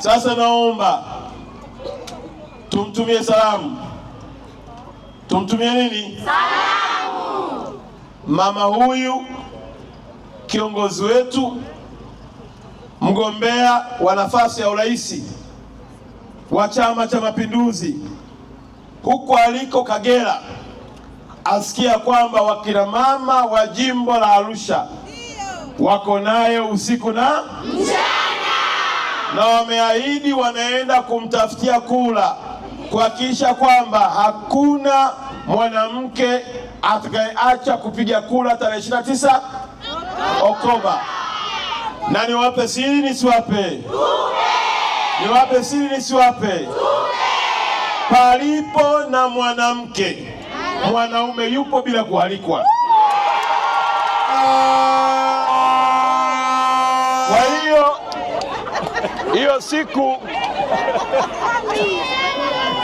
Sasa naomba tumtumie salamu, tumtumie nini salamu mama huyu kiongozi wetu mgombea wa nafasi ya urais wa Chama cha Mapinduzi huko aliko Kagera, asikia kwamba wakina mama wa jimbo la Arusha wako naye usiku na mchana na wameahidi wanaenda kumtafutia kula kuhakikisha kwamba hakuna mwanamke atakayeacha kupiga kula tarehe 29 Oktoba. Na niwape siri nisiwape? Niwape siri nisiwape? Palipo na mwanamke mwanaume yupo bila kualikwa. hiyo siku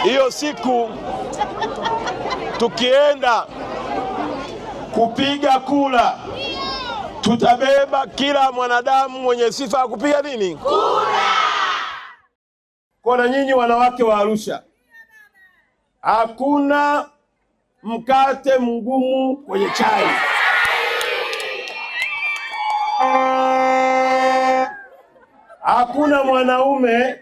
hiyo siku tukienda kupiga kura tutabeba kila mwanadamu mwenye sifa ya kupiga nini kura. Kona nyinyi wanawake wa Arusha, hakuna mkate mgumu kwenye chai. Hakuna mwanaume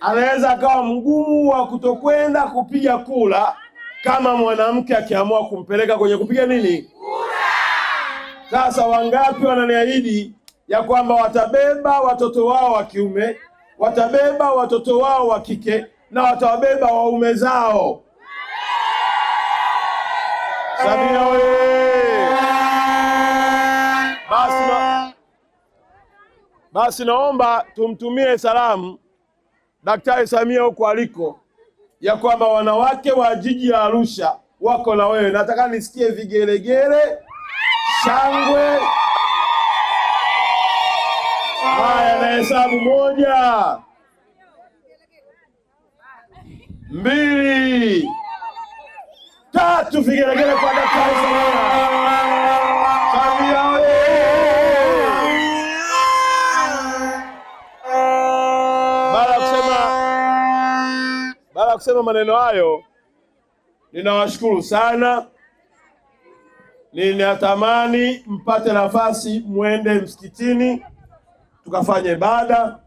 anaweza akawa mgumu wa kutokwenda kupiga kura kama mwanamke akiamua kumpeleka kwenye kupiga nini kura. Sasa wangapi wananiahidi ya kwamba watabeba watoto wao wa kiume, watabeba watoto wao wa kike na watawabeba waume zao Samia Basi naomba tumtumie salamu Daktari Samia huko aliko, ya kwamba wanawake wa jiji la Arusha wako na wewe. Nataka nisikie vigelegele, shangwe. Haya, na hesabu moja, mbili, tatu, vigelegele kwa Daktari Samia. ya kusema maneno hayo, ninawashukuru sana. Ninatamani mpate nafasi mwende msikitini tukafanye ibada.